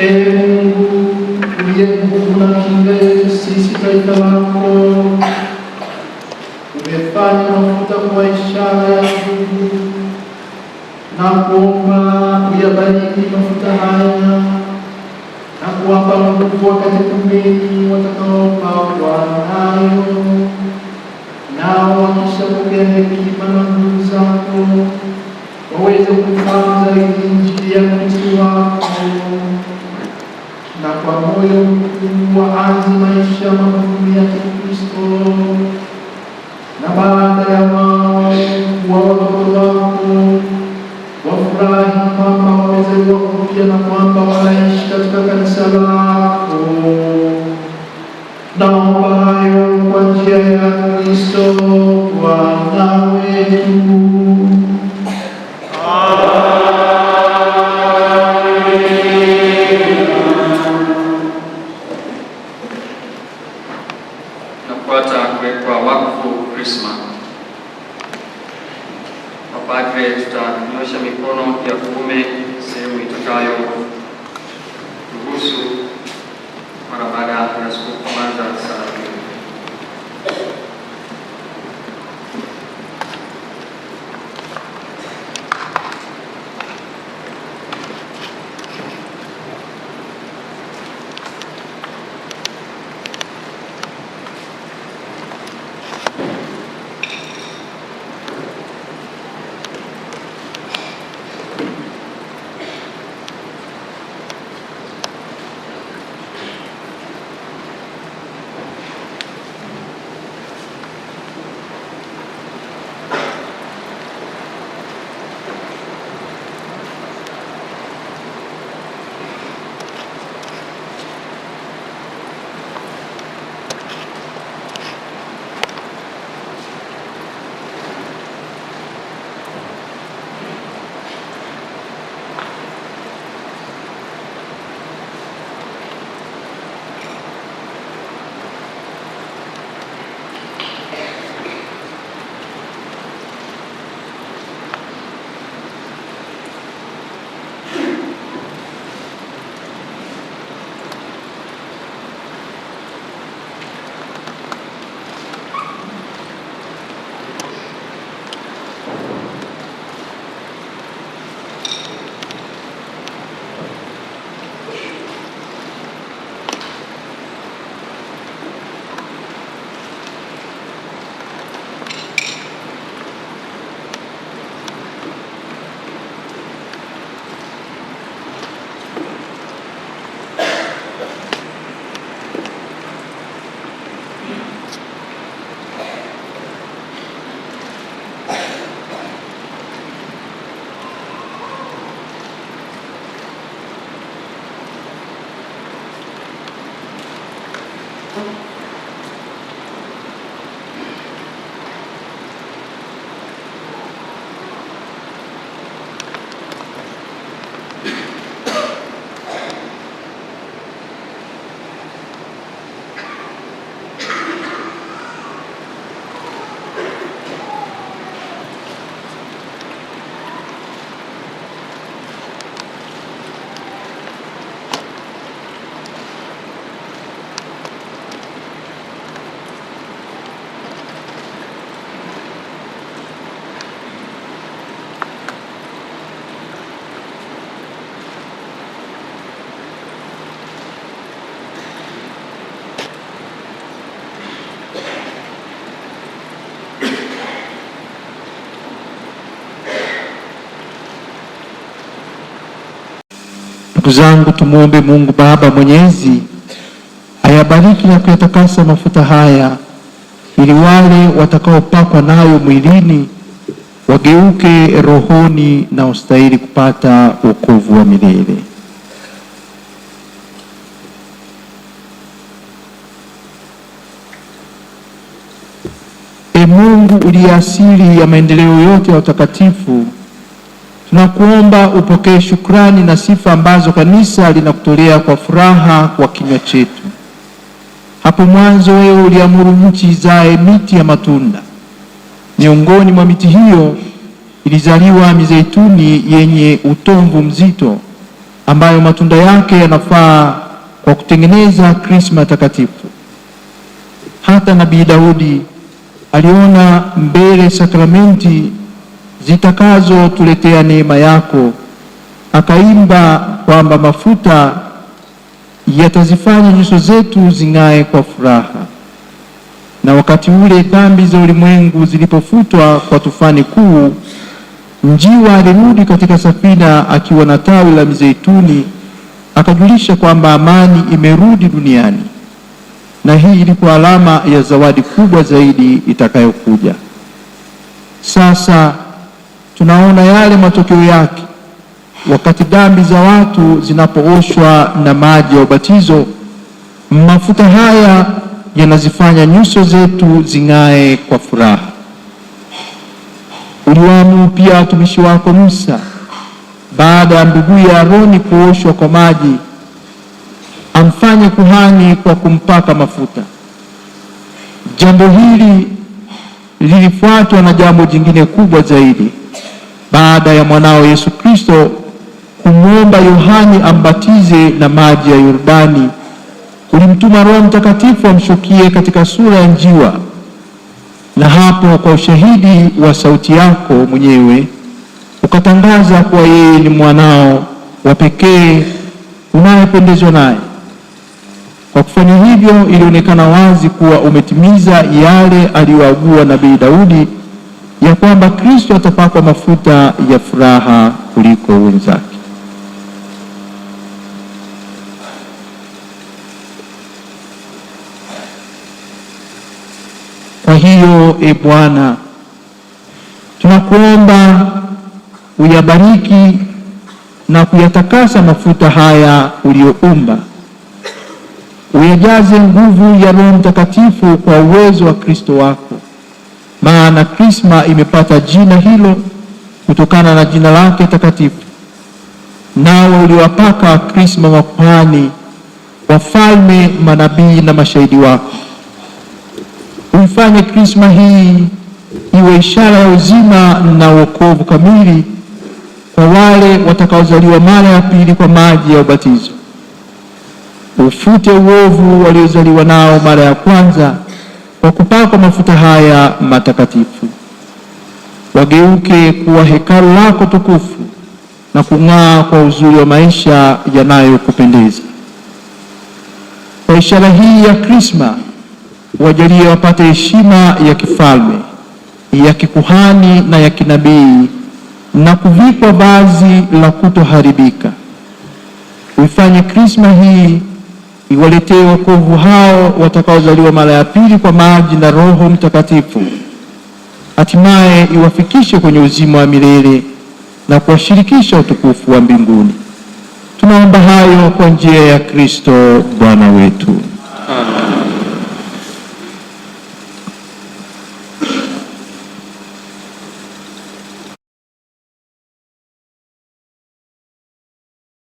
Em Uriel Kunakinge sisi taifa lako umefanya mafuta kuwa ishara ya Mungu na kuomba uyabariki mafuta haya na kuwapa se wakati pembeni watakaopakwa nayo, nao wakishapokea hekima na nguvu zako waweze kufahamu zaidi Injili ya mwiti wako kwa moyo mkungu wa azi maisha magumu ya Kikristo, na baada ya wao kuwa watoto wako wafurahi kwamba wamezaliwa upya na kwamba wanaishi katika kanisa lako. Naomba hayo kwa njia ya Kristo Bwana wetu. nyosha mikono ya kuume sehemu itakayo ruhusu Ndugu zangu, tumwombe Mungu Baba Mwenyezi ayabariki na kuyatakasa mafuta haya, ili wale watakaopakwa nayo mwilini wageuke rohoni na ustahili kupata wokovu wa milele. E Mungu uliye asili ya maendeleo yote ya utakatifu Tunakuomba upokee shukrani na sifa ambazo kanisa linakutolea kwa furaha kwa kinywa chetu. Hapo mwanzo wewe uliamuru nchi izae miti ya matunda. Miongoni mwa miti hiyo ilizaliwa mizeituni yenye utomvu mzito, ambayo matunda yake yanafaa kwa kutengeneza krisma takatifu. Hata nabii Daudi aliona mbele sakramenti zitakazotuletea neema yako. Akaimba kwamba mafuta yatazifanya nyuso zetu zing'ae kwa furaha. Na wakati ule dhambi za ulimwengu zilipofutwa kwa tufani kuu, njiwa alirudi katika safina akiwa na tawi la mizeituni, akajulisha kwamba amani imerudi duniani, na hii ilikuwa alama ya zawadi kubwa zaidi itakayokuja. Sasa tunaona yale matokeo yake wakati dhambi za watu zinapooshwa na maji ya ubatizo. Mafuta haya yanazifanya nyuso zetu zing'ae kwa furaha. uliwamu pia watumishi wako Musa, baada ya ya Aroni kuoshwa kwa maji, amfanye kuhani kwa kumpaka mafuta. Jambo hili lilifuatwa na jambo jingine kubwa zaidi baada ya mwanao Yesu Kristo kumwomba Yohani ambatize na maji ya Yordani, ulimtuma Roho Mtakatifu amshukie katika sura ya njiwa, na hapo kwa ushahidi wa sauti yako mwenyewe ukatangaza kuwa yeye ni mwanao wa pekee unayependezwa naye. Kwa kufanya hivyo, ilionekana wazi kuwa umetimiza yale aliyoagua nabii Daudi ya kwamba Kristo atapakwa mafuta ya furaha kuliko wenzake. Kwa hiyo, e Bwana, tunakuomba uyabariki na kuyatakasa mafuta haya uliyoumba, uyajaze nguvu ya Roho Mtakatifu kwa uwezo wa Kristo wako maana Krisma imepata jina hilo kutokana na jina lake takatifu. Nawe uliwapaka Krisma makuhani, wafalme, manabii na mashahidi wako. Uifanye Krisma hii iwe ishara ya uzima na wokovu kamili kwa wale watakaozaliwa mara ya pili kwa maji ya ubatizo. Ufute uovu waliozaliwa nao mara ya kwanza kwa kupakwa mafuta haya matakatifu, wageuke kuwa hekalu lako tukufu na kung'aa kwa uzuri wa maisha yanayokupendeza. Kwa ishara hii ya Krisma, wajalie wapate heshima ya kifalme, ya kikuhani na ya kinabii, na kuvikwa vazi la kutoharibika. Uifanye Krisma hii iwaletee wokovu hao watakaozaliwa mara ya pili kwa maji na Roho Mtakatifu, hatimaye iwafikishe kwenye uzima wa milele na kuwashirikisha utukufu wa mbinguni. Tunaomba hayo kwa njia ya Kristo Bwana wetu.